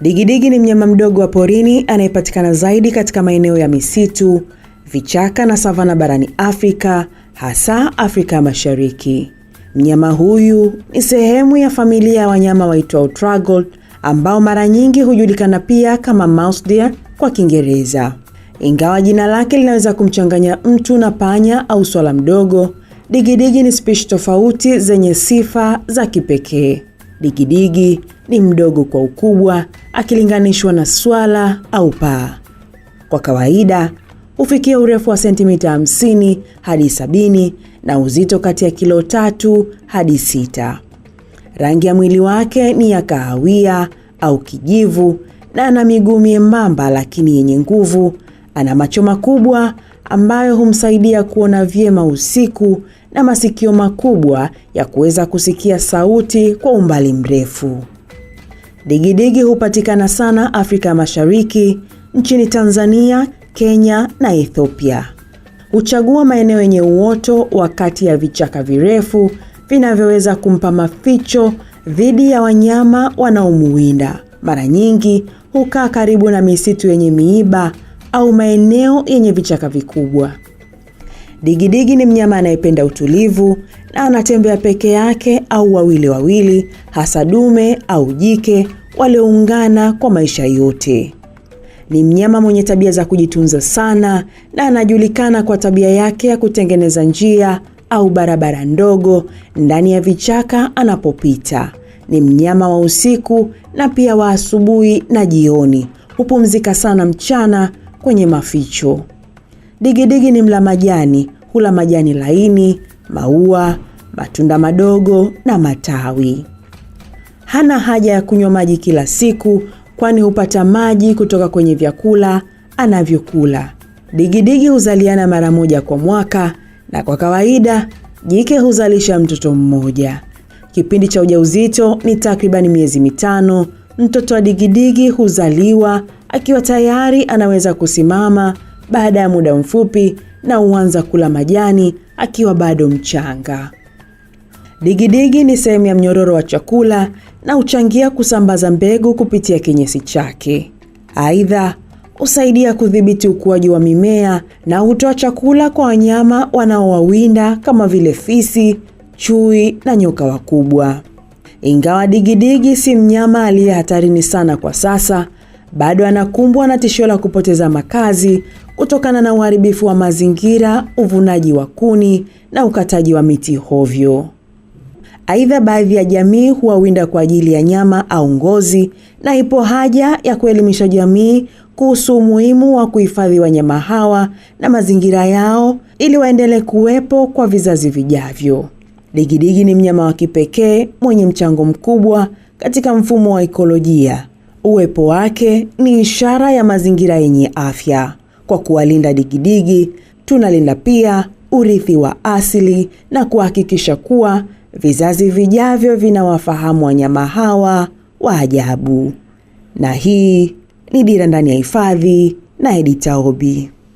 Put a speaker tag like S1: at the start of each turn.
S1: Digidigi ni mnyama mdogo wa porini anayepatikana zaidi katika maeneo ya misitu, vichaka na savana barani Afrika, hasa Afrika Mashariki. Mnyama huyu ni sehemu ya familia ya wanyama waitwao tragold ambao mara nyingi hujulikana pia kama mouse deer kwa Kiingereza. Ingawa jina lake linaweza kumchanganya mtu na panya au swala mdogo, digidigi ni spishi tofauti zenye sifa za kipekee. Digidigi ni mdogo kwa ukubwa akilinganishwa na swala au paa. Kwa kawaida hufikia urefu wa sentimita 50 hadi 70 na uzito kati ya kilo tatu hadi sita. Rangi ya mwili wake ni ya kahawia au kijivu na ana miguu miembamba lakini yenye nguvu. Ana macho makubwa ambayo humsaidia kuona vyema usiku na masikio makubwa ya kuweza kusikia sauti kwa umbali mrefu. Digidigi hupatikana sana Afrika ya Mashariki, nchini Tanzania, Kenya na Ethiopia. Huchagua maeneo yenye uoto wa kati ya vichaka virefu vinavyoweza kumpa maficho dhidi ya wanyama wanaomuwinda. Mara nyingi hukaa karibu na misitu yenye miiba au maeneo yenye vichaka vikubwa. Digidigi ni mnyama anayependa utulivu na anatembea peke yake au wawili wawili, hasa dume au jike walioungana kwa maisha yote. Ni mnyama mwenye tabia za kujitunza sana na anajulikana kwa tabia yake ya kutengeneza njia au barabara ndogo ndani ya vichaka anapopita. Ni mnyama wa usiku na pia wa asubuhi na jioni. Hupumzika sana mchana kwenye maficho. Digidigi ni mla majani, hula majani laini, maua, matunda madogo na matawi. Hana haja ya kunywa maji kila siku, kwani hupata maji kutoka kwenye vyakula anavyokula. Digidigi huzaliana mara moja kwa mwaka na kwa kawaida jike huzalisha mtoto mmoja. Kipindi cha ujauzito ni takribani miezi mitano. Mtoto wa digidigi huzaliwa akiwa tayari anaweza kusimama baada ya muda mfupi na huanza kula majani akiwa bado mchanga. Digidigi ni sehemu ya mnyororo wa chakula na huchangia kusambaza mbegu kupitia kinyesi chake. Aidha, husaidia kudhibiti ukuaji wa mimea na hutoa chakula kwa wanyama wanaowawinda kama vile fisi, chui na nyoka wakubwa. Ingawa digidigi si mnyama aliye hatarini sana kwa sasa, bado anakumbwa na tishio la kupoteza makazi kutokana na uharibifu wa mazingira, uvunaji wa kuni na ukataji wa miti hovyo. Aidha, baadhi ya jamii huwawinda kwa ajili ya nyama au ngozi, na ipo haja ya kuelimisha jamii kuhusu umuhimu wa kuhifadhi wanyama hawa na mazingira yao ili waendelee kuwepo kwa vizazi vijavyo. Digidigi ni mnyama wa kipekee mwenye mchango mkubwa katika mfumo wa ikolojia Uwepo wake ni ishara ya mazingira yenye afya. Kwa kuwalinda digidigi, tunalinda pia urithi wa asili na kuhakikisha kuwa vizazi vijavyo vinawafahamu wanyama hawa wa ajabu. Na hii ni Dira Ndani ya Hifadhi na Edita Obi.